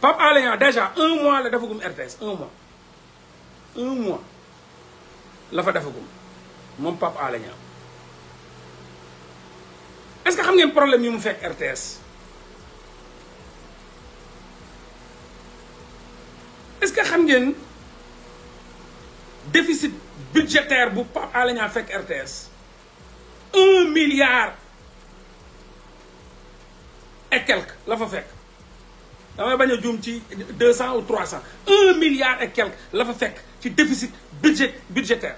Papa Alé déjà un mois la comme RTS un mois un mois la fait comme. RTS. Pape papa est-ce que a un problème avec RTS est-ce que a un déficit budgétaire pour Pape Alé avec RTS un milliard et quelque la de RTS. 200 ou 300. 1 milliard et quelques, la fait qui déficit budget, budgétaire.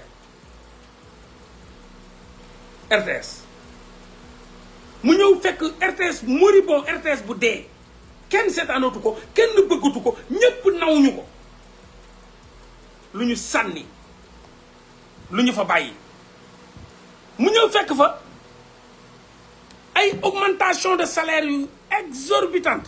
RTS. Nous avons fait que RTS mourit RTS boudé. Quel est un autre coup Quel ne peut que tout coup Nous avons sanni. Nous avons fait que nous avons une augmentation de salaire exorbitante.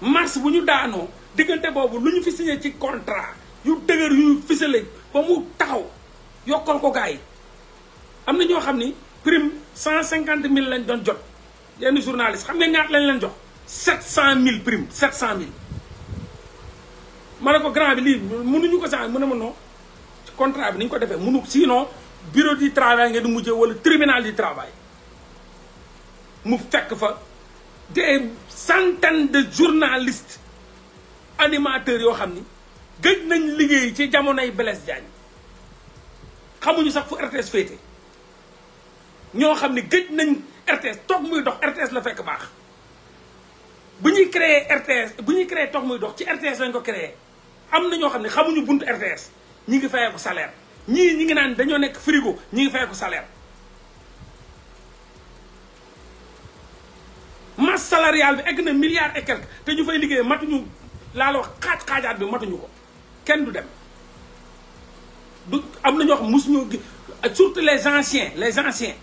mars bu ñu daanoo diggante boobu lu ñu fi signé ci contrat yu dëgër yu ficelé ba mu taxaw yokkal ko gars yi am na ñoo xam ni prime cent cinquante mille lañ doon jot yenn journaliste xam nga ñaat lañ leen jox sept cent mille prime sept cent mille ma ne ko grand bi lii mënuñu ko sax mën ne ma non ci contrat bi ni ñu ko defee mënu sinon bureau du travail nga di mujjee wala tribunal du travail mu fekk fa des centaines de journalistes animateurs yoo xam ni gëj nañ liggéey ci jamonoy Blaise Diagne xamuñu sax fu RTS féete ñoo xam ni gëj nañ RTS toog muy dox RTS la fekk baax bu ñuy créer RTS bu ñuy créer toog muy dox ci RTS lañ ko créer am na ñoo xam ne xamuñu buntu RTS ñi ngi fayee ko salaire ñii ñi ngi naan dañoo nekk frigo ñi ngi fayee ko salaire masse bi egg na milliards et quelque te ñu fay liggéey matuñu laa wax xaaj xaajaat bi matuñu ko kenn du dem du am na ñoo xam mus ñu surtout les anciens les anciens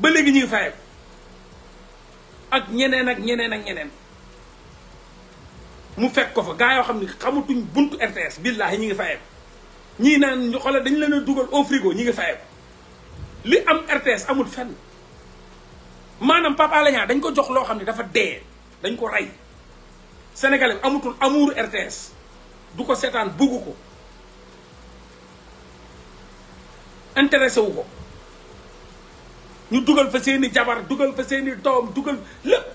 ba léegi ñuy fayeeku ak ñeneen ak ñeneen ak ñeneen mu fekk ko fa gaa yoo xam ne xamatuñ buntu RTS billaahi ñi ngi fayeeku ñii naan ñu xoolal dañu leen dugal au frigo ñi ngi fayeeku li am RTS amul fen manam papa Alé dañ ko jox lo xamni dafa dé dañ ko ray sénégalais amutul amour RTS du ko seetaan bugg ko intéressé wu ko ñu duggal fa seeni jabar duggal fa seeni tom, duggal lepp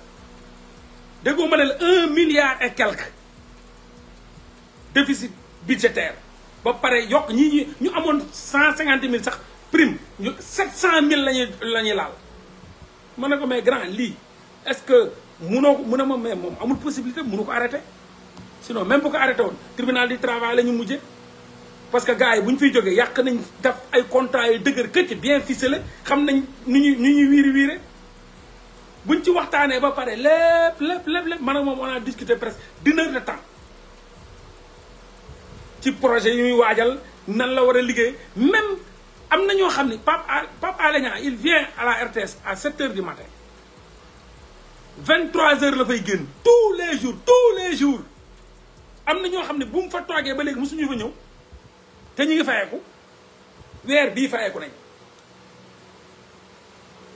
déggoo ma 1 la un milliard et quelques déficit budgétaire ba paré yok ñi ñu amone 150000 sax prime 700000 lañuy lañuy laal ma ne ko mais grand lii est-ce que munoo ko mun a ma mais moom amul possibilité munu ko arrêté sinon même bu ko arrêté woon tribunal du travail la ñu mujje parce que gars yi bu ñu fiy jógee yàq nañ def ay contrat yu dëgër këcc bien ficelé xam nañ nu ñuy nu ñuy wiiri wiire buñ ci waxtaanee ba pare lépp lépp lépp lépp man ak moom on a discuté presque dina heure de ci projet yu muy waajal nan la war a liggéey même am na ñoo xam ne Pape Pape il vient à la RTS à 7 h du matin 23 h la fay génn tous les jours tous les jours am na ñoo xam ne bu mu fa toogee ba léegi mosuñu fa ñëw te ñu ngi fayeeku weer bii fayeeku nañ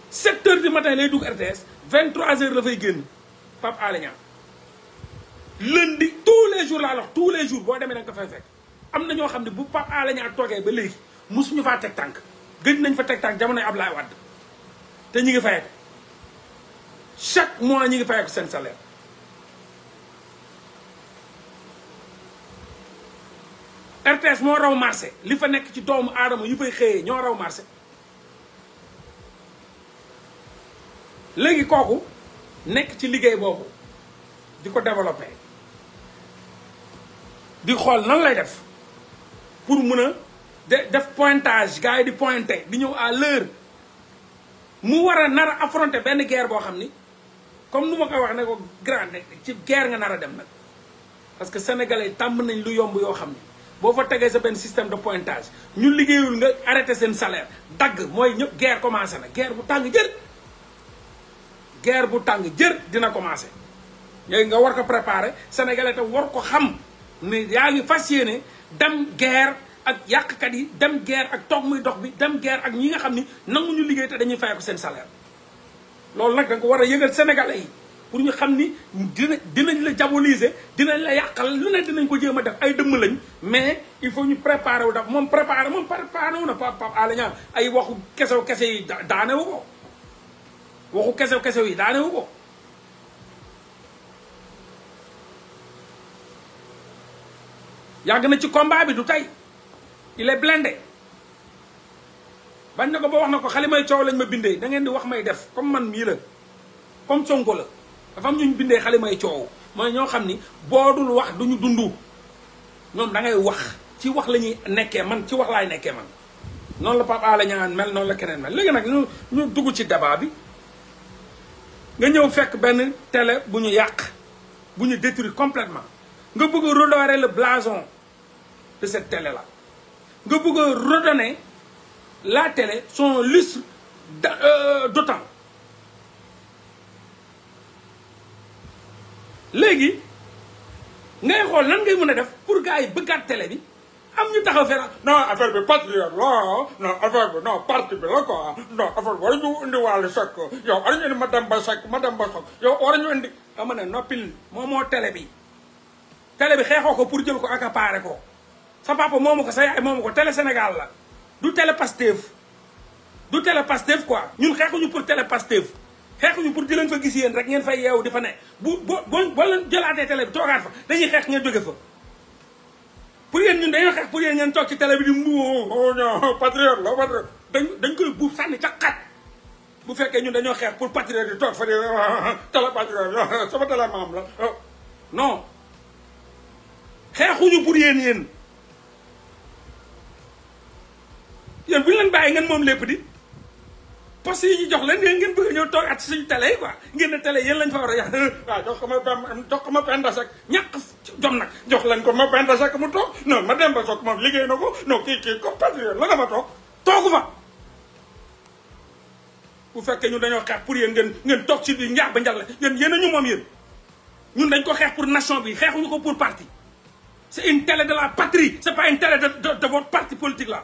7 h du matin lay dugg RTS 23 h la fay génn Pape Alé lundi tous les jours laa tous les jours boo demee da nga ko fay fekk am na ñoo xam ne bu Pape Alé Niang ba léegi. musuñu faa teg tànk gëj nañ fa teg tànk jamonoy Ablaye Wade te ñu ngi fayeeku chaque mois ñu ngi fayeeku seen salaire RTS moo raw marché li fa nekk ci doomu aadama yu fay xëyee ñoo raw marché léegi kooku nekk ci liggéey boobu di ko développé di xool nan lay def pour mun a def pointage gars yi di pointé di ñëw à l'heure mu war a nar a affronté benn guerre boo xam ni comme nu ma koy wax ne ko grand ci guerre nga nar dem nag parce que sénégalais tàmm nañ lu yomb yoo xam ni boo fa tegee sa benn système de pointage ñu liggéeyul nga arrêté seen salaire dagg mooy ñëpp guerre commencé na guerre bu tàng jër guerre bu tàng jër dina commencé yooyu nga war ko préparer sénégalais te war ko xam ne yaa ngi fas yéene dem guerre ak yàq kat yi dem guerre ak toog muy dox bi dem guerre ak ñi nga xam ni nanguñu liggéey te dañuy fayee ko seen salaire loolu nag da ko war a yëgal sénégalais yi pour ñu xam ni dina dinañ la diaboliser dinañ la yàqal lu ne dinañ ko jéem a def ay dëmm lañ mais il faut ñu préparer wu daf moom préparer moom préparer wu na Pape Alé Niang ay waxu kesew kese yi daanewu ko waxu kesew kesew yi daanewu ko yàgg na ci combat bi du tey il est blindé bañ na ko boo wax na ko xali may coow lañ ma bindee da ngeen di wax may def comme man mii la comme Sonko la dafa am ñu bindee xali may coow mooy ñoo xam ni boodul wax ñu dund ñoom da ngay wax ci wax lañuy nekkee man ci wax laay nekkee man noonu la Pape Alé Niang mel noonu la keneen mel léegi nag ñu ñu dugg ci débat bi nga ñëw fekk benn tele bu ñu yàq bu ñu détruire completement nga bëgg redorer le blason de cette télé là nga bëgg a redonner la télé son lustre euh, d'autant Légui, ngay xol lan ngay mëna def pour gars yi bëggaat télé bi am ñu taxaw fee non affaire bi patriote la non affaire bi non parti bi la quoi non affaire war ñu indi wal Seck yow war ñu indi madame Ba Seck madame Ba Seck yow war ñu indi. xam nga ne mo moom télé bi télé bi xeexoo pour jël ko accaparer ko. sa papa moomu ko sa yaay moomu ko télé Sénégal la du télé Pastef du télé Pastef quoi ñun xeexuñu pour télé Pastef xeexuñu pour di leen fa gis yéen rek ngeen fay yeewu di fa ne bu boo boo leen jëlaatee télé bi toogaat fa dañuy xeex ngeen jóge fa pour yéen ñun dañoo xeex pour yéen ngeen toog ci télé bi di mu oh non patriote la patriote dañ dañ koy buub sànni ca xat bu fekkee ñun dañoo xeex pour patriote di toog fa di ah, télé patriote ah, sama télé maam oh. xeexuñu pour yéen yéen yéen bu ñu leen bàyyi ngeen moom lépp di poste yi jox leen yéen ngeen bëgg ñëw toog at suñu télé yi quoi ngeen ne télé yéen lañ fa war a yàq waaw jox ko ma jox ko ma penda sak ñàkk jom nag jox leen ko ma penda sak mu toog non ma dem ba soog moom liggéey na ko non kii kii ko patriote la nga fa toog toogu fa bu fekkee ñu dañoo xeex pour yéen ngeen ngeen toog ci biir njaax ba njàll ngeen yéen a ñu moom yéen ñun dañ ko xeex pour nation bi xeexuñu ko pour parti c'est une télé de la patrie c'est pas une télé de de votre parti politique là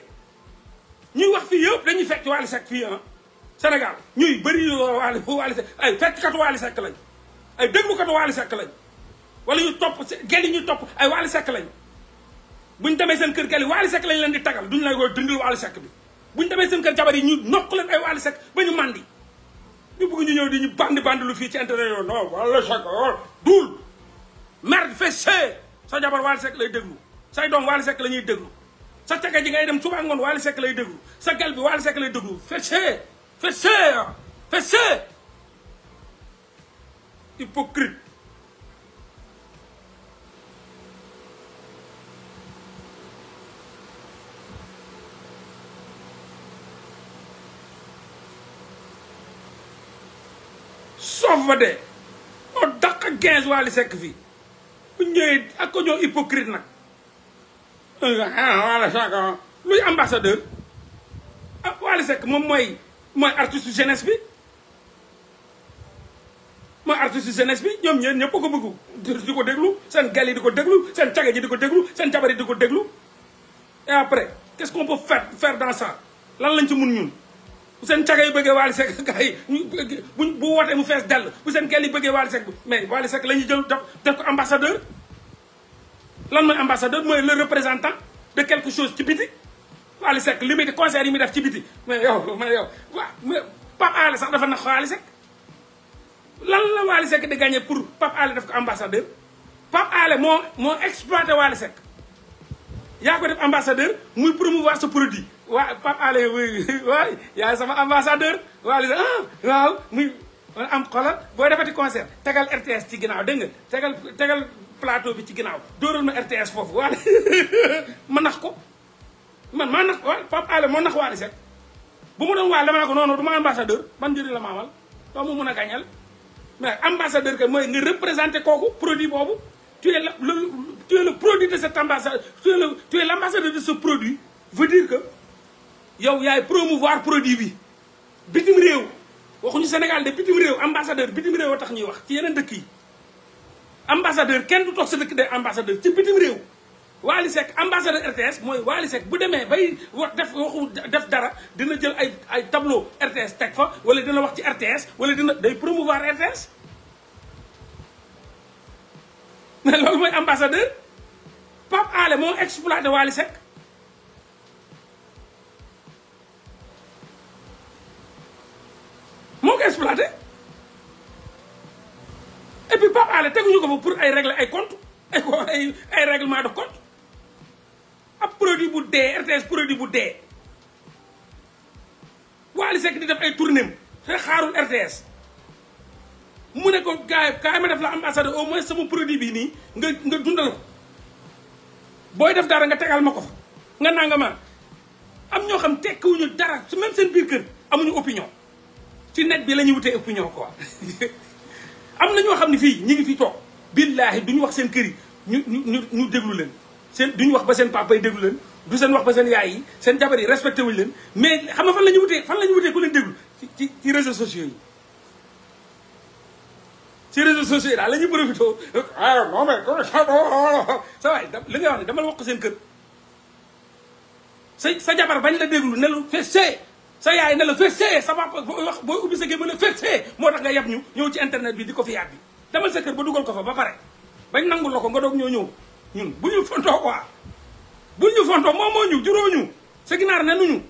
ñuy wax fi yépp dañuy fekk Wally Seck fi hein ah. Sénégal ñuy bëri Wally Wally Seck ay kat Wally Seck lañ ay kat Wally Seck lañ wala ñu top gel ñu top ay Wally Seck lañ buñ démé seen kër gel yi Wally lañ leen di tagal duñ la koy dindil Wally Seck bi buñ démé seen kër jabar yi ñu nokku leen ay Wally Seck ba ñu mandi ñu bëgg ñu ñëw di ñu bandi band lu fi ci internet yo non wala Seck oh, dul merde fessé sa jabar Wally Seck lay déglu say doom Wally Seck lañuy ñuy sa caga ji ngay dem suba ngoon Wally Seck lay déglu sa gal bi Wally Seck lay déglu fece fece fece hypocrite soof ba de moo daq 15 Wally Seck fii bu ñëwee ak ko ñoo hypocrite nag Wally Seck luy ambassadeur ah Wally Seck moom mooy mooy artiste bi mooy artiste jeunesse bi ñoom ñeen ñëpp ko bëgg di ko déglu seen gal yi di ko déglu seen caga ji di ko déglu seen jabar yi di ko déglu et après qu'est-ce qu'on peut faire faire dans lan lañ ci mun ñun seen caga yi bëggee Wally Seck gars yi buñ bu wootee mu fees dell bu seen gal yi bëggee Wally Seck mais Wally Seck la ñuy jël def ko ambassadeur lan mooy ambassadeur mooy le représentant de quelque chose ci biti Wally Seck li concert yi muy def ci biti mais yow mais yow waaw Pape Alé sax dafa nax Wally Seck lan la Wally de gagner pour Pape Alé def ko ambassadeur Pape Alé moo moo exploiter Wally Seck yaa ko def ambassadeur muy promouvoir ce produit Wa, waa Pape Alé waay Y'a sama ambassadeur Wally Seck ah waaw muy am xoolal boo defati concert tegal RTS ci ginnaaw dégg nga tegal tegal plateau bi ci ginaaw dóoral ma RTS fofu waale ma nax ko man maa nax waale Pape Alé moo nax waale Seck bu mu doon waale dama ne ko non non du ma ambassadeur man njëriñ la ma amal doo ma mun a mais ambassadeur que mooy nga représenté kooku produit boobu tu es le tu es le produit de cet ambassadeur. tu es le tu es de ce produit veut dire que yow yaay promouvoir produit bi bitim réew waxuñu Sénégal de bitim réew ambassadeur bitim réew a tax ñuy wax ci yeneen dëkk yi. ambassadeur kenn du toog sa dëkk de ambassadeur ci bitim réew Waly Seck ambassadeur RTS mooy Waly Seck bu demee bay wax def waxu def dara dina jël ay ay tableau RTS teg fa wala dina wax ci RTS wala dina day promouvoir RTS mais loolu mooy ambassadeur Pape Alé moo exploité Waly Seck moo ko exploité et puis ale teguñu ko fa pour ay régler ay compte ay ay règlement de compte ab produit bu dee RTS produit bu dee Wally Seck di def ay tournéem te xaarul RTS mu ne ko gars yi ma def la ambassadeur au moins sama produit bii nii nga nga dundal ko booy def dara nga tegal ma ko fa nga nanga ma am ñoo xam tekkiwuñu dara su même seen biir kër amuñu opinion ci net bi la ñuy wutee opinion quoi am na ñoo xam ne fii ñi ngi fi toog billaahi duñu wax seen kër yi ñu ñu ñu déglu leen seen duñu wax ba seen papa yi déglu leen du seen wax ba seen yaay yi seen jabar yi respecté wuñu leen mais xam nga fan la ñu wutee fan la ñu wutee ku leen déglu ci ci réseaux sociaux yi ci réseaux sociaux yi daal la ñuy profité ah non mais sa waay li nga wax ne dama la wax seen kër sa sa jabar bañ la déglu ne lu fessee sa yaay ne la fessee sa papa wax booy ubbi sa gémma la fessee moo tax nga yab ñu ñëw ci internet bi di ko fi yàbbi demal sa kër ba dugal ko fa ba pare bañ nangul la ko nga doog ñoo ñëw ñun bu ñu fontoo quoi bu ñu fontoo moom moo ñu juróo ñu sa ginaar ne nuñu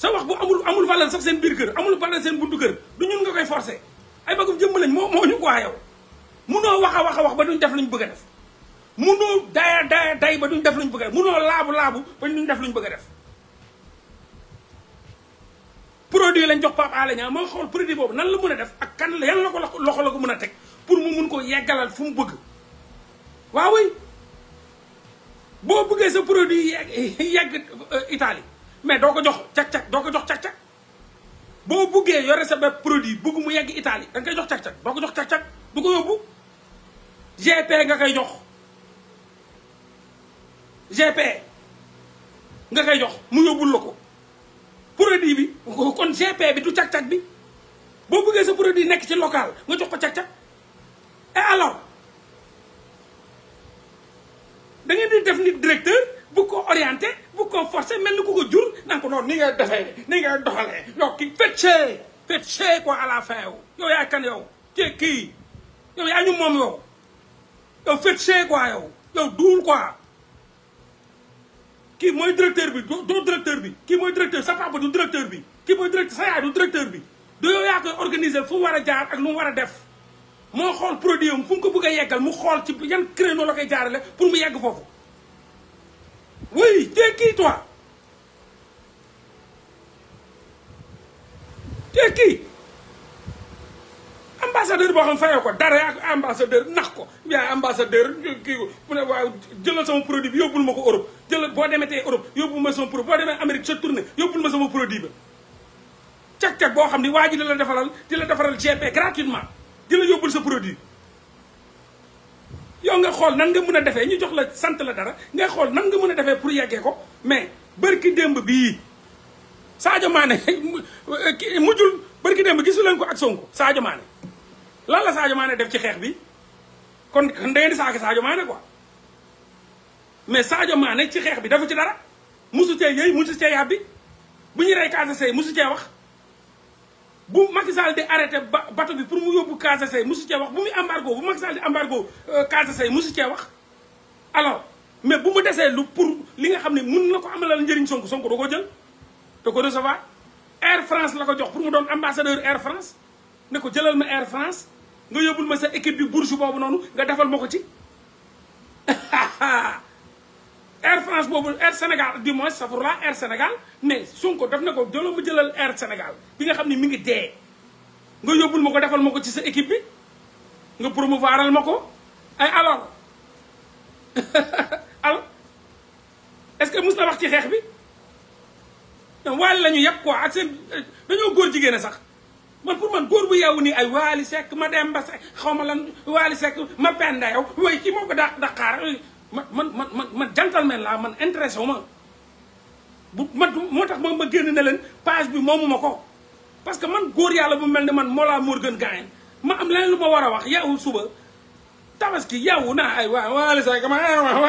sa wax bu amul amul valeur sax seen biir kër amul valeur seen buntu kër du ñun nga koy forcer ay bagum jëmm lañ moo moo ñu quoi yow munoo wax a wax a wax ba duñ def luñ bëgg a def munoo daya daya ba duñ def luñ bëgg a def laabu laabu ba duñ def luñ bëgg def produit lañ jox Pape Alé Niang ma xool produit boobu nan la mën a def ak kan la yan la ko loxo la ko mën a teg pour mu mun ko yeggalal fu mu bëgg waaw boo buggee sa produit yegg euh, Italie mais doo ko jox cag-cag doo ko jox cag boo bëggee yore sa bépp produit bëgg mu yegg Italie da koy jox cag-cag doo ko jox cag-cag du ko yóbbu GP nga koy jox GP nga koy jox mu yóbbul la ko produit bi kon GP bi du cag-cag bi boo bëggee sa produit nekk ci local nga jox ko cag-cag et alors da di def nit directeur bu ko orienté bu ko forcé mel ni ku ko jur naan noonu ni ngay defee ni ngay doxalee yow kii fecce fecce quoi à la fin yow yow yaa kan yow cee kii yow yaa ñu moom yow yow fecce quoi yow yow duul quoi que mooy directeur bi doo doo directeur bi kii mooy directeur sa papa du directeur bi kii mooy directeur sa yaay du directeur bi du yow yaa koy organiser fu war jaar ak lu mu def moo xool produit am fu mu ko bëgg a yeggal mu xool ci yan créneau la koy jaarale pour mu yegg foofu oui t'es qui toi t'es qui ambassadeur boo xam fayoo ko dara yaa ambassadeur nax ko yaa ambassadeur kii mu ne waaw jëlal sama produit bi yóbbul ma ko Europe jëlal boo demetee Europe yóbbul ma sama produit boo demee Amérique sa tournée yóbbul ma sama produit ba cag-cag boo xam ni waa ji di la defaral di la defaral GP gratuitement di la yóbbul sa produit yow nga xool nan nga mun a defee ñu jox la sant la dara nga xool nan nga mën a defee pour yeggee ko mais bërki démb bii Sadio Mané mujjul bërki démb gisu leen ko ak Sonko Sadio Mané lan la Sadio Mané def ci xeex bi kon da ngeen di saaka Sadio Mané quoi mais Sadio Mané ci xeex bi dafa ci dara musu cee yëy mu cee yàbbi bu ñu rey Casa Sey musu cee wax bu Macky Sall di arrêté bato bi pour mu yóbbu cee wax bu muy embargo bu Macky Sall di embargo euh, Casa Sey su cee wax alors mais bu mu desee lu pour li nga xam ne mun na ko amalal njëriñ Sonko Sonko da ko jël da ko recevoir Air France la ko jox pour mu doon ambassadeur Air France ne ko jëlal ma Air France nga yobul ma sa équipe bi bourge bobu noonu nga dafal mako ci Air France bobu Air Sénégal du moins ça safurla Air Sénégal mais sunko daf nako ko jëloo ma jëlal Air Sénégal bi nga xamni mi ngi dee nga yobul mako dafal mako ci sa équipe bi nga promouvoiral mako ay alors al est-ce que mus wax ci xex bi waale lañu ñu yëpp quoi ak seen dañoo góor jigéen sax man pour man gor bu yaw ni ay wali sek ma dem ba sekk xawma lan wali sek ma penda yow way kii moko da dakar man man man man gentleman la man intéressé wuma bu man motax ma ma genn na len page bi momu mako parce que man gor yalla bu melni man mola morgan Gaayen ma am len lu wara wax yaw suba tabaski yaw na ay waa waali sekk ma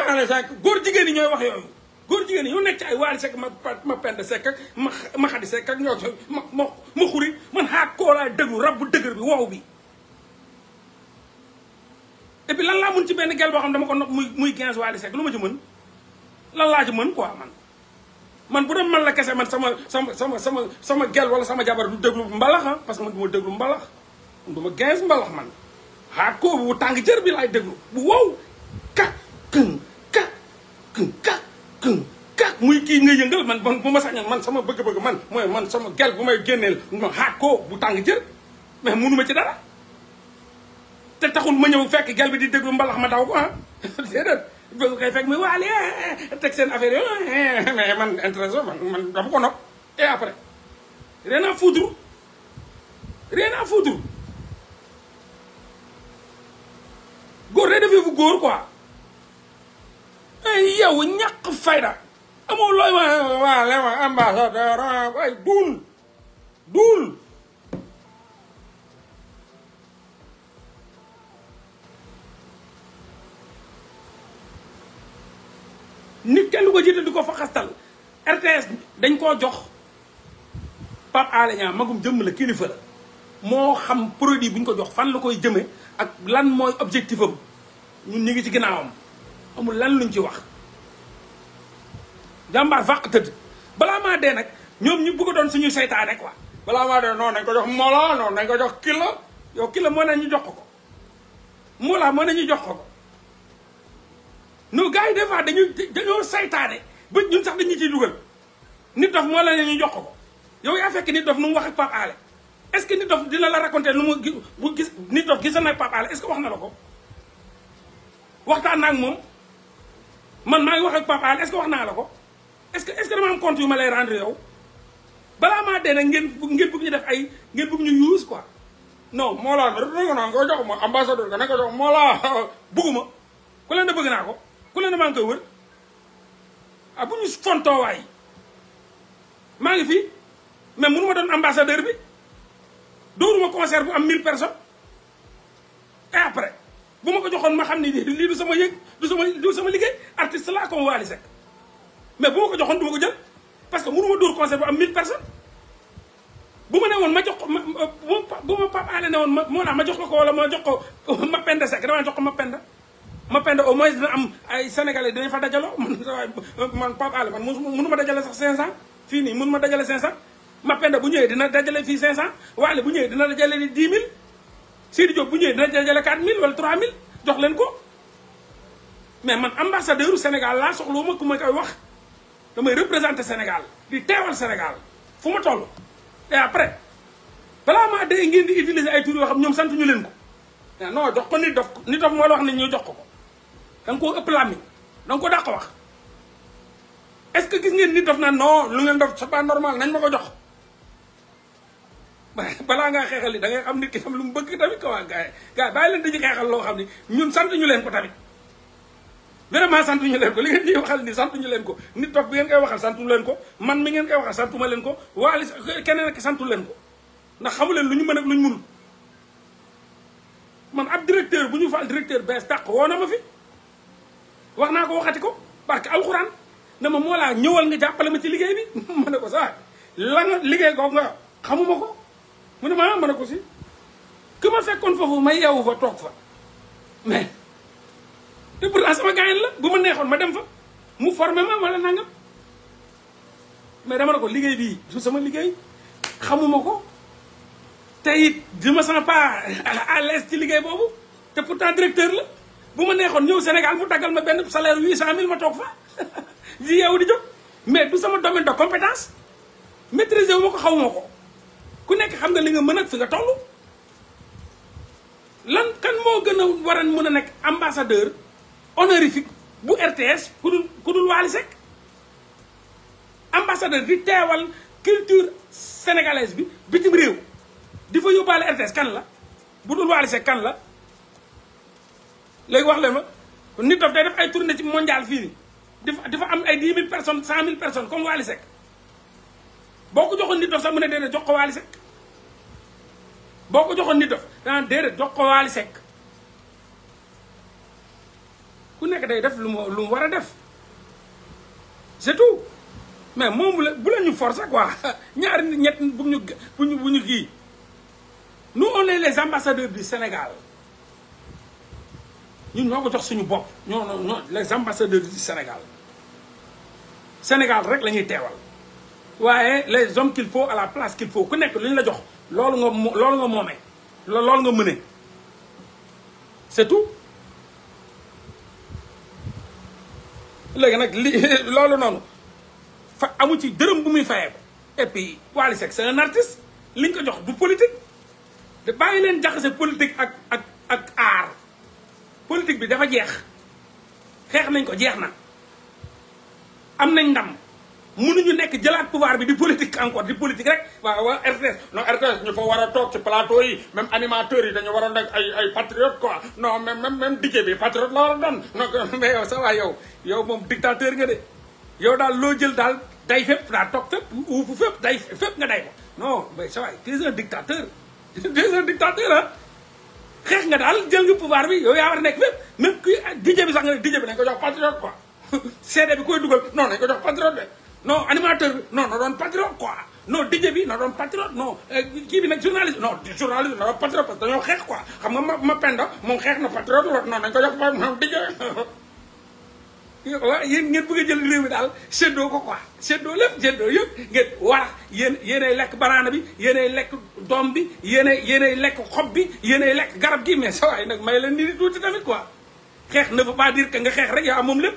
wali sek gor jigéen ñi ñooy wax yoy gor jigéen ñi ñoo nekk ci ay wali sek ma ma penda sek ma ma xadi sek ak ñoo ma ma xuri man xaar koolaa dëggu rab bu dëgër bi wow bi et puis lan laa mën ci benn gel boo xam dama ko nopp muy muy quinze Wally Seck lu ma ci mën lan laa ci mën quoi man man bu dem man la kese man sama sama sama sama sama gel wala sama jabar du déglu mbalax ah parce que man du ma déglu mbalax du ma quinze mbalax man xaar koo bu tàng jër bi laay déglu bu wow ka kën ka kën ka kak muy kii nga yëngal man man buma sañ man sama bëgg-bëgg man moy man sama gel bu may génneel ma xaat ko bu tang jër gitu. mais munu ma ci dara té taxul ma ñëw fekk gel bi di dégg mbalax ma daw ko han déedéet bëgg kay fekk muy walé teg seen affaire yo eh, eh, eh. mais man intéressé man man dama ko nopp et après rien à foutre rien à foutre gor rédé defee iya, bu góor quoi yow ñak fayda amul looy wax waale ma ambassadeur way duul duul nit kenn lu ko jiite du ko fa xastal RTS dañ koo jox par Alé Niang magum jëmm la kilifa la moo xam produit buñ ko jox fan la koy jëme ak lan mooy objectif am ñun ñu ngi ci ginnaawam amul lan luñ ci wax jàmbaar fàq tëdd balaa maa dee nag ñoom ñu bëgg doon suñu seytaane ko balaa maa dee noonu nañ ko jox mola noonu nañ ko jox kilo yow kilo moo ne ñu jox ko ko mola moo ne ñu jox ko ko no gars yi des fois dañu dañoo seytaane ba ñun sax dañuy ciy dugal nit dof moo la ne ñu jox ko yow yaa fekk nit dof nu mu wax ak Pape Alé est-ce que nit dof dina la raconter nu mu gis nit dof gis na Pape Alé est-ce wax na la ko waxtaan naa ak moom man maa ngi wax ak Pape Alé est-ce wax naa la ko est-ce que est-ce am compte yu ma lay rendre yow balaa maa dee nag ngeen ngeen bëgg def ay ngeen bëgg ñu use quoi non Mollah dina ko nga jox ma ambassadeur nga ne ko jox Mollah bëgguma ku leen da bëgg naa ko ku leen da maa wër ah bu ñu fontoo maa ngi fi mais mënu ma doon ambassadeur bi dóoruma concert bu am 1000 personnes et après bu ma ko joxoon ma xam ni lii du sama yëg du sama liggéey artiste laa comme Wally Seck mais bu ma ko joxoon du ma ko jël parce que mënu ma dóor concert bu bu ma ne woon ma jox ko ma bu ma Pape Alé woon ma moo naa ma jox ko ko wala ma jox ko ma penda sec dama jox ko ma penda ma penda au moins dina am ay sénégalais fa dajaloo man man Pape Alé man mënu dajale sax 500 fii nii mënu ma dajale 500 ma penda bu ñëwee dina dajale fii 500 waale bu ñëwee dina dajale ni 10 000 Sidi Diop bu ñëwee dina dajale 4000 wala 3000 jox leen ko mais man ambassadeur Sénégal laa soxla wu ma ku ma koy wax. damay représenter Sénégal di téwal Sénégal fuma toll. et après bala ma day ngeen di utiliser ay tour yo xam ñom sant ñu leen ko non jox ko ni dof ni dof mo la wax ne ñu jox ko ko ëpp ko dakk wax. est-ce que gis ngeen ni dof na non lu ngeen dof c'est pas normal nañ mako ko jox balaa ngaa xeexal da ngay xam nit ki xam lu mu bëgg tamit ko wa gaay gaay bay leen di xeexal lo xamni ñun sant ñu leen ko tamit. vraiment santuñu leen ko li ngeen ñuy waxal ni santuñu leen ko nit toog bi ngeen koy waxal santu leen ko man mi ngeen koy waxal santuma leen ko waali keneen ak santu leen ko ndax xamu leen lu ñu mën ak lu ñu mënul man ab directeur bu ñu fal directeur bees tàq woo na ma fi wax naa ko waxati ko barke alxuraan ne ma moo laa ñëwal nga jàppale ma ci liggéey bi ma ne ko saa la nga liggéey koo nga xamuma ko mu ne ma ma ne ko si que ma fekkoon foofu may yeewu fa toog fa mais te pourtant sama gaayen la bu ma neexoon ma dem fa mu formé ma wala nangam mais dama ne ko liggéey bii su sama liggéey xamuma ko te it je me sens pas à ci liggéey boobu te pourtant directeur la bu ma neexoon ñëw Sénégal mu daggal ma benn salaire huit cent mille ma toog fa di yeewu di jóg mais du sama domaine de compétence maîtriser wu ma ko xawuma ko ku nekk xam nga li nga mën ak fi nga toll lan kan moo gën a war a mën a nekk ambassadeur honorifique bu RTS ku dul ku dul Waly Seck ambassadeur di teewal culture sénégalaise bi bitim réew di fa yóbbaale RTS kan la bu dul Waly Seck kan la léegi wax leen ma nit dof day def ay tournée ci mondial fii nii dafa difa am ay dix mille personnes cent mille personnes comme Waly Seck boo ko joxoon nit dof sax mu ne déedéet jox ko Waly Seck boo ko joxoon nit dof danaan déedéet jox ko Waly Seck ku nekk day def lu mu lu def c'est tout mais moom la bu la forcer quoi ñaari nit ñett bu ñu nous on est les ambassadeurs du Sénégal ñun ñoo ko jox suñu bopp ñoo les ambassadeurs du Sénégal Sénégal rek la ñuy teewal les hommes qu'il faut à la place qu'il faut ku nekk lu ñu la jox loolu nga loolu nga moomee loolu nga mënee c'est tout léegi nag li loolu noonu fa amu ci dërëm bu muy fayeeku et puis Wally Seck c'est un liñ ko jox du politique te bàyyi leen jaxase politique ak ak ak aar politique bi dafa jeex xeex nañ ko jeex na am nañ ndam mënuñu nekk jëlaat pouvoir bi di politique encore di politique rek waaw waa RTS non RTS ñu fa war a toog ci plateau yi même animateur yi dañu war a nekk ay ay patriote quoi non même même même DJ bi patriote la a doon non mais yow ça va yow yow moom dictateur daal loo jël daal day fépp daa toog fépp uufu day fépp nga ko non mais ça va tu es un dictateur nga daal jël nga bi yow yaa war nekk fépp même ku sax nga ne DJ bi nañ ko jox patriote bi koy dugal non nañ ko jox patriote de non animateur bi non na doon patriote quoi non DJ bi na doon patriote non euh, kii bi nag no non journaliste na doon patriote parce que dañoo xeex quoi xam nga ma ma penda moom xeex na patriote lool non dañ ko jox moom DJ voilà yéen ngeen bëgg jël réew mi daal séddoo ko quoi séddoo lépp séddoo yëpp ngeen yéen yéenay lekk banaana bi yéenay lekk doom bi yéenay yéenay lekk xob bi yéenay lekk garab gi mais sa waay nag may leen nit ñi tamit quoi xeex ne veut pas dire que nga xeex rek yaa moom lépp.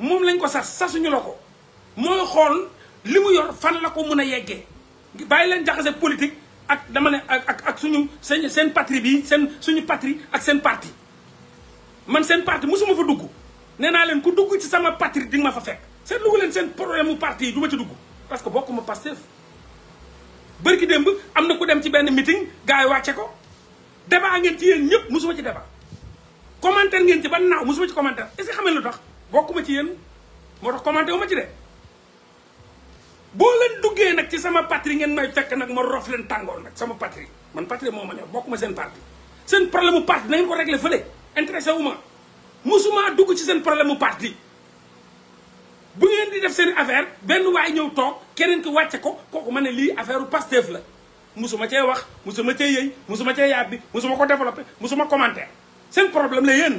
moom lañ ko sas suñu la ko mooy xool li mu yor fan la ko mën a yeggee bàyyi leen jaxase politique ak dama ne ak ak ak suñu seen seen patrie bi seen suñu patri ak seen parti man seen parti mosuma fa dugg nee naa leen ku dugg ci sama patrie di nga ma fa fekk seen dugg leen seen problème mu parti yi du ma ci dugg parce que bokkuma Pastef bërki démb am na ku dem ci benn meeting gars yi wàcce ko débat ngeen ci yéen ñëpp mosuma ci débat commentaire ngeen ci ba naaw mosuma ci commentaire xam lu tax bokuma ci yeen motax commenté wu ma ci dé bo leen duggé nak ci sama patrie ngeen may fekk nak ma rof leen tangor nak sama patrie man patrie moma ma bokuma patri. seen parti seen problème parti na ngeen ko régler feulé intéressé wu ma musuma dugg ci seen problème parti bu ngeen di def seen affaire benn way ñew tok keneen ki wàcce ko koku mané li affaireu affaire Pastef la musuma cey wax musuma cey yey musuma cee yàbbi musuma ko développer musuma commentaire seen problème la yeen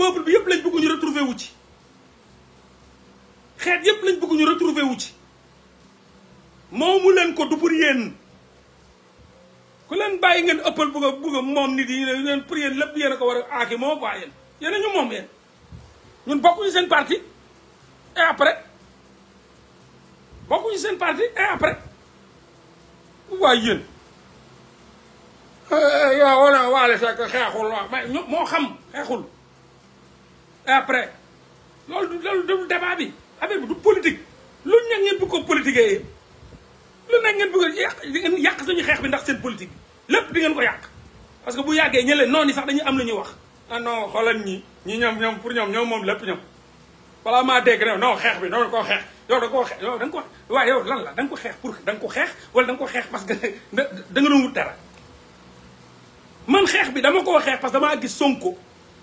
peuple bi yëpp lañ bëgg ñu retrouver wu ci xeet yëpp lañ bëgg ñu retrouver wu ci moomu leen ko du pour yéen ku leen bàyyi ngeen ëppal bëgg a moom nit yi ngeen pour yéen lépp yéen a ko war a aaki moom waa yéen yéen a ñu moom yéen ñun bokkuñu seen parti et après bokkuñu seen parti et après waa yéen yow wala waale sa xeexul waa moo xam xeexul après loolu loolu du débat bi affaire bi du politique lu nekk ngeen bëgg ko politiquer yéen lu nekk ngeen bëgg ko yàq ngeen yàq xeex bi ndax seen politique bi lépp di ngeen ko yàq parce que bu yàggee ñële noonu sax dañuy am lu ñuy wax ah non xoolal ñi ñi ñoom ñoom pour ñoom ñoom moom lépp ñoom balaa maa dégg ne non xeex bi doo koo xeex yow da ko waaye yow la da ko xeex pour da nga ko xeex wala da ko xeex parce que da nga doon wut dara man xeex bi dama koo xeex parce que damaa gis Sonko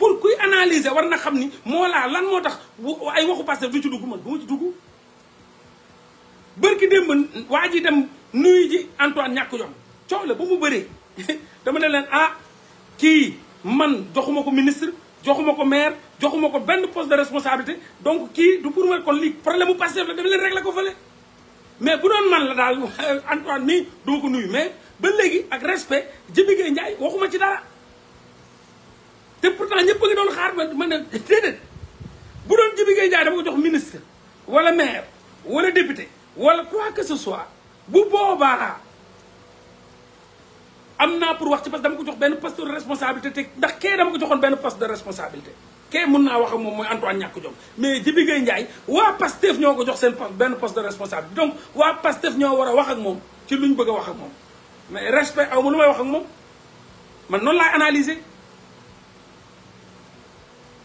pour kuy analyser war na xam ni moo laa lan moo tax ay waxu Pastef du ci dugg man du ma ci dugg bërki démb waa ji dem nuyu ji Antoine ñàkk yom coow la ba mu bëree dama ne leen ah kii man joxuma ko ministre joxuma ko maire joxuma ko benn poste de responsabilité donc kii du pour ma kon lii problème mu Pastef la dama leen régler ko fële mais bu doon man la daal Antoine mii du ma ko nuyu mais ba léegi ak respect Jibi Gueye Ndiaye waxuma ci dara te pourtant ñëpp a ngi doon xaar ma ne déedéet bu doon Jibi Gueye Ndiaye dama ko jox ministre wala maire wala député wala quoi que ce soit bu boobaa am naa pour wax ci parce que dama ko jox benn poste de responsabilité te ndax kee dama ko joxoon benn poste de responsabilité kee mun naa wax ak moom mooy Antoine ñàkk jom mais Jibi Gueye Ndiaye waa Pastef ñoo ko jox seen benn poste de responsabilité donc waa Pastef ñoo war a wax ak moom ci lu ñu bëgg a wax ak mais respect ma lu may ak moom man noonu laay analyser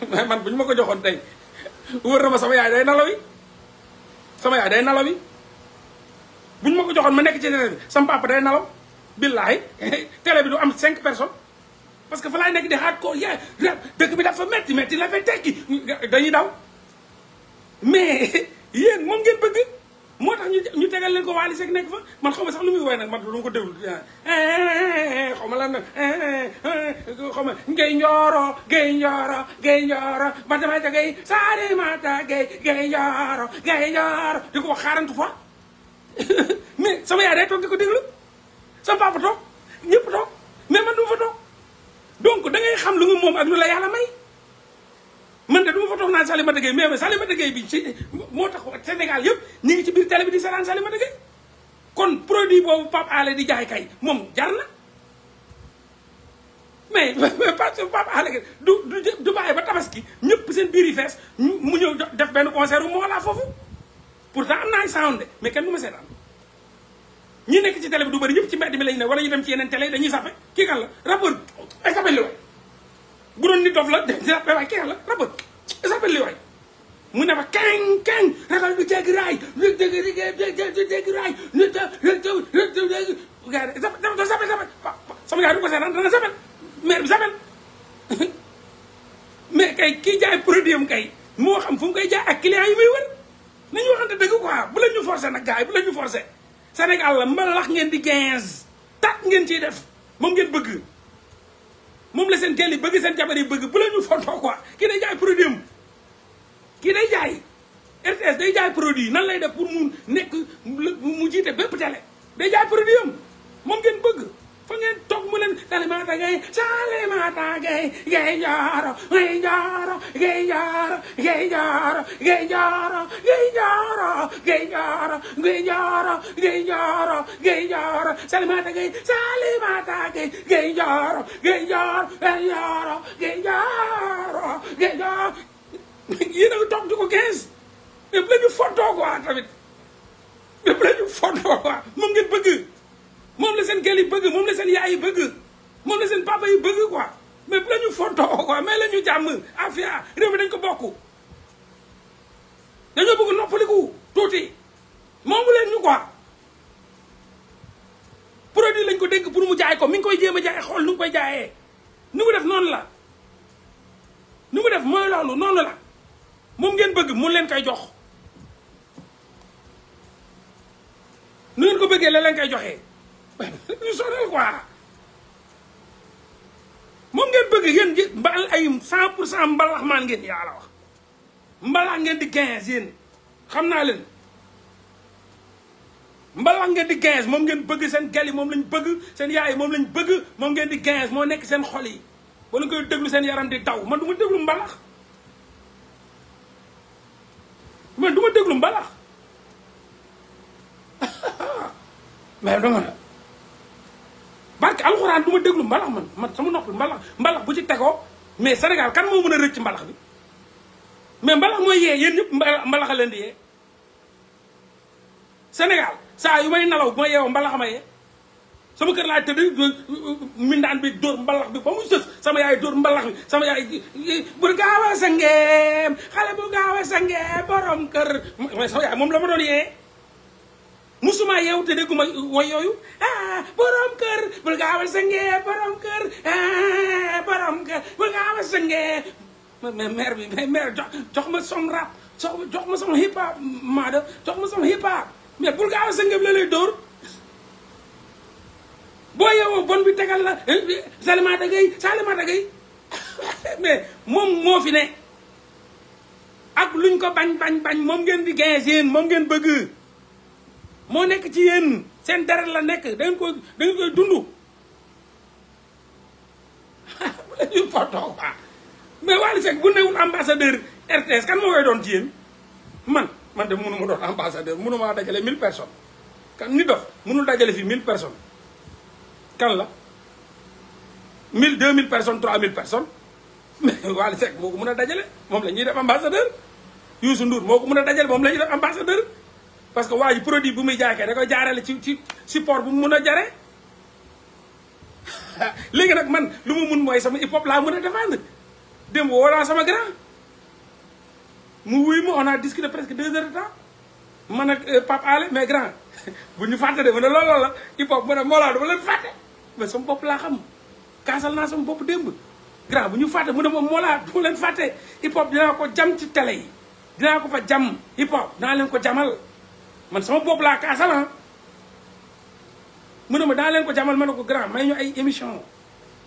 man bu ñu ma ko joxoon tey wóor na ma sama yaay day nalawi sama yaay day nalawi bu ñu ma ko joxoon ma nekk ci télé bi sama papa day nalaw billaahi télé bi du am cinq personnes parce que fa laay nekk di xaat ko yaay dëkk bi daf dafa metti metti la fay tekki dañuy daw mais yéen moom ngeen bëgg moo tax ñu ñu tegal leen ko Wally Seck nekk fa man xaw ma sax lu muy woy nag man du ko déglu eh, eh, eh, xaw ma lan nag xaw ma ngay njooro ngay njooro ngay gay saari mata gay ngay njooro ngay njooro di ko wax xaarantu fa mais sama yaay day toog di ko déglu sama papa toog ñëpp toog mais man du ma toog donc da ngay xam lu nga moom ak lu la yàlla man da duma ma fa toog naan Salimata Gueye mais salima Salimata Gueye bi ci moo tax Sénégal yëpp ñi ngi ci bir télé bi di saraan Salimata Gueye kon produit bobu pap ale di jaay kay mom jarna na mais pas ce pap ale du du bàyyi ba tabaski ñëpp seen bir yi fess mu ñew def ben concert mo la fofu pourtant amna sound mais kenn duma ma seetaan ñi nek ci télé bi du bari ñëpp ci mbéd mi lañ ne wala ñu dem ci yenen télé dañuy sappé ki kan la rapport ay sappe li bu doon nit dof la dina la waaye kii la rappeur s'appelle li waay mu ne ma kañ kañ ragal du jéggi raay du jéggi du jéggi raay du ta du ta du jéggi gars yi dafa dafa sapel sama gars yi ko seetaan dana sapel maire bi sapel mais kay kii jaay produit am kay moo xam fu mu koy jaay ak client yi muy wër nañu waxante dëgg quoi bu la ñu forcé na gars bu la ñu forcé Sénégal la mbalax ngeen di 15 tat ngeen ciy def moom ngeen bëgg moom la seen teel yi bëgg seen jabar yi bëgg bu la ñu fontoo quoi kii day jaay produit am kii day jaay RTS day jaay produit nan lay def pour mu nekk mu jiite bépp télé day jaay produit moom ngeen bëgg. fa ngeen toog mu leen Salimata Gaye Salimata Gaye Gaye Njoro Gaye Njoro Gaye Njoro Gaye Njoro Gaye Njoro Gaye Njoro Gaye Njoro Gaye Njoro Gaye Njoro Gaye Njoro Salimata Gaye Salimata Gaye Gaye Njoro Gaye Njoro Gaye Njoro Gaye Njoro Gaye Njoro yéen a ngi toog di ko 15 mais bu leen ñu fontoo quoi tamit mais bu leen ñu fontoo quoi moom ngeen bëgg moom la seen gel yi bëgg moom la seen yaay yi bëgg moom la seen papa yi bëgg quoi mais bu la ñu fontoo quoi mais la ñu jàmm afia réew mi dañ ko bokk dañoo bëgg noppaliku tuuti moomu leen ñu quoi produit lañ ko dégg pour mu jaay ko mi ngi koy jéem a jaay xool nu ngi koy jaayee ni mu def non la ni mu def mooy loolu noonu la moom ngeen bëgg mu leen koy jox nu ngeen ko bëggee la leen koy joxee ñu sonal quoi moom ngeen bëgg yéen ji mbal ay 100 pour cent mbalax maan ngeen yaa la wax mbalax ngeen di 15 yéen xam naa leen mbalax ngeen di 15 moom ngeen bëgg seen gal yi moom lañ bëgg seen yaay moom lañ bëgg moom ngeen di 15 moo nekk seen xol yi wala nga koy seen yaram di daw man du ma déglu mbalax man du ma déglu mbalax mais dama barke alxuraan du ma déglu mbalax man man sama nopp mbalax mbalax bu ci tegoo mais Sénégal kan moo mën a rëcc mbalax bi mais mbalax mooy yee yéen ñëpp mbalax a leen di yee Sénégal saa yu may nalaw bu ma yeewoo mbalax ma yee sama kër laa tëdd mindaan bi dóor mbalax bi ba mu sës sama yaay dóor mbalax bi sama yaay bu gaaw a sangeem bu gaaw a sangeem kër mais sama yaay moom la ma doon yee musuma yow te deguma won yoyu ah borom kër bul gaaw sa nge borom kër ah borom kër bul gaaw sa nge mais mer bi me mer jox jox ma som rap jox ma som hip hop maada jox ma som hip hop mais bul nga a sa nge la lay dóor bo yow bon bi tegal la salima dagay salima dagay mais mom mo fi ne ak luñ ko bañ bañ bañ mom ngeen di 15 yéen mom ngeen bëgg moo nekk ci yéen seen deret la nekk da ngeen koy da ngeen koy dund bu la ñuy foto quoi mais Wally Seck bu newul ambassadeur RTS kan moo koy doon ci yéen man man de mënu ma doon ambassadeur mënu maa dajale mille personnes kan ni dof mënul dajale fii mille personnes kan la mille deux mille personnes trois mille personnes mais Wally Seck moo ko mën a dajale moom la ñuy def ambassadeur Youssou Ndour moo ko mun a dajale moom la ñuy def ambassadeur parce que waa ji produit bu muy jaay kay da koy jaarale ci ci support bu mu mun a jare léegi nag man lu ma mun mooy sama hip hop laa mun a défendre démb woo naa sama grand mu wuy ma on a discuté presque deux heures de temps man a euh, Pape Ale mais grand bu ñu fàtte de ma ne looloo la hip hop ma ne Mawla fàtte mais sama laa xam kaasal naa sama bopp démb bu ñu fàtte mu ne ma Mawla du ma leen fàtte hip hop dinaa ko jam ci télé yi dinaa ko fa jam hip hop dinaa leen ko jamal. man sama bopp laa kaasal ah mu ne ma daa leen ko jaman ma ne ko grand may ñu ay émission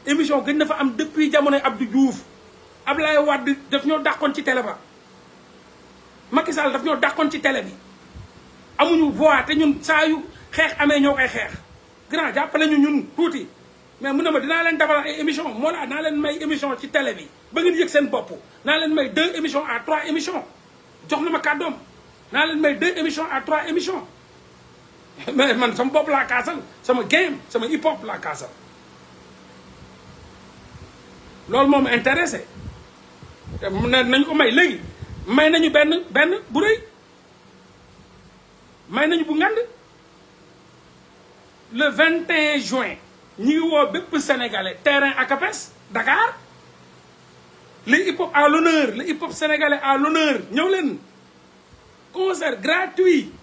émission gën na fa am depuis jamonoy Abdou Diouf Ablaye Wade daf ñoo dàqoon ci télé ba Macky Sall daf ñoo dàqoon ci tele bi amuñu voix te ñun saa yu xeex amee ñoo koy xeex grand jàpp ñu ñun tuuti mais mu ne ma dinaa leen defal ay émission moo laa naa leen may émission ci tele bi ba ngeen yëg seen bopp naa leen may deux émission à trois émission jox na ma kàddoom Je mets deux émissions à trois émissions mais man sama la c'est un game sama hip hop la kaasal loolu intéressé ne nañ ko may may nañu bu le 21 juin nous avons woo sénégalais terrain à Capes, Dakar le hip hop à l'honneur le hip hop sénégalais à l'honneur concert gratuit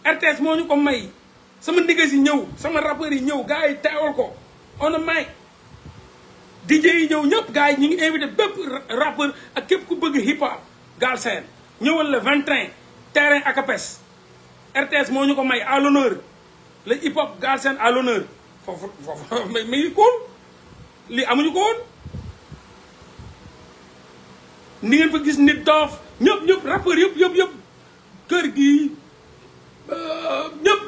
RTS moo ñu ko may sama niggas yi ñëw sama rappeurs yi ñëw gars yi teewal ko on a mic DJ yi ñëw ñëpp gars yi ñu ngi invité bépp rappeur ak képp ku bëgg hip hop Galsen ñëwal le 21 terrain ak Acapes RTS moo ñu ko may à l'honneur le hip hop Galsen à l'honneur foofu foofu mais mi ngi amuñu ko ni ngeen fa gis nit doof ñëpp ñëpp rappeur yëpp yëpp yëpp kër gi euh, ñëpp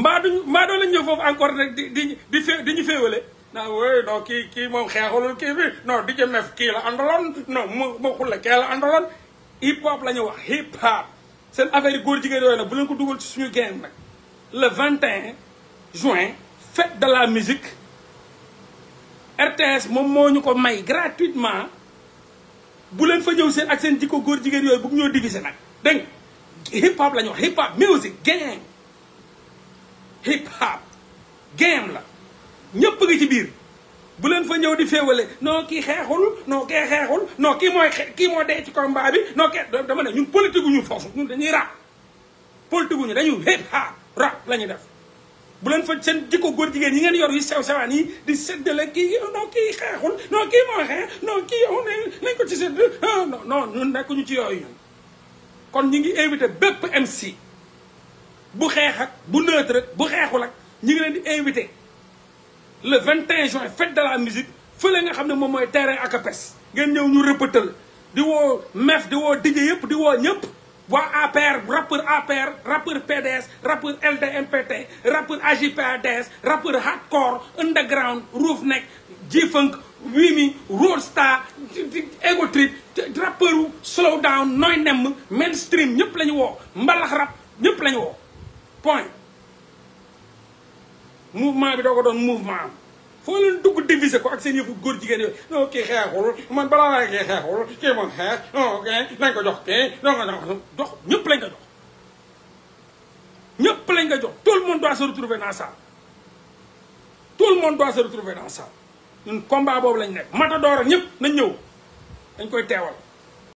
mbaa duñ mbaa doo lañ ñëw foofu encore rek di di di fé di ñu féewale naa wooy non kii kii moom xeexalul kii bi non di jëmeef kii la àndaloon non mu mu la kee la àndaloon hip hop la ñu wax hip hop seen affaire yi góor jigéen yooyu nag bu leen ko dugal ci suñu gain nag le 21 juin fête de la musique RTS moom moo ñu ko may gratuitement bu leen fa ñëw seen ak seen jikko góor jigéen yooyu bëgg ñoo diviser nag dégg hip hop la ñu wax hip hop music game hip hop game la ñëpp ngi ci biir bu leen fa ñëw di féewale noo kii xeexul noo kii xeexul noo kii mooy kii moo dee ci combat bi non kii dama ne ñun politique ñu foofu ñun dañuy rap politique ñu dañuy hip hop rap la def. bu leen fa seen jikko góor jigéen yi ngeen yor yu sew sewaan yi di séddale kii non kii xeexul non kii moo xeex non kii on nañ ko ci sédd ah, non non ñun nekkuñu ci kon ñu ngi invité bépp MC bu xeexak bu neutre bu xeexul ak ñi ngi leen di invité le 21 juin fête de la musique fële nga xam ne moom mooy terrain ak apes ngeen ñëw ñu rëppatal di woo meef di woo DJ yëpp di woo ñëpp waa APR rappeur APR rappeur PDS rappeur LDMPT rappeur AJPADS rappeur hardcore underground Roughneck G-Funk Wimi Roadstar Ego Trip rappeur slow down nooy nemm mainstream ñëpp la ñu woo mbalax rap ñëpp la ñu woo point mouvement bi doo ko doon mouvement am foo leen dugg diviser ko ak seen yëfu góor jigéen yooyu non kii xeexul man balaa naa kii xeexul kii moom xeex non ok nañ ko jox kii non non jox ñëpp lañ ko jox. ñëpp lañ ko jox tout le monde doit se retrouver dans ça tout le monde doit se retrouver dans ça ñun combat boobu lañ nekk Matador ak ñëpp nañ ñëw dañ koy teewal.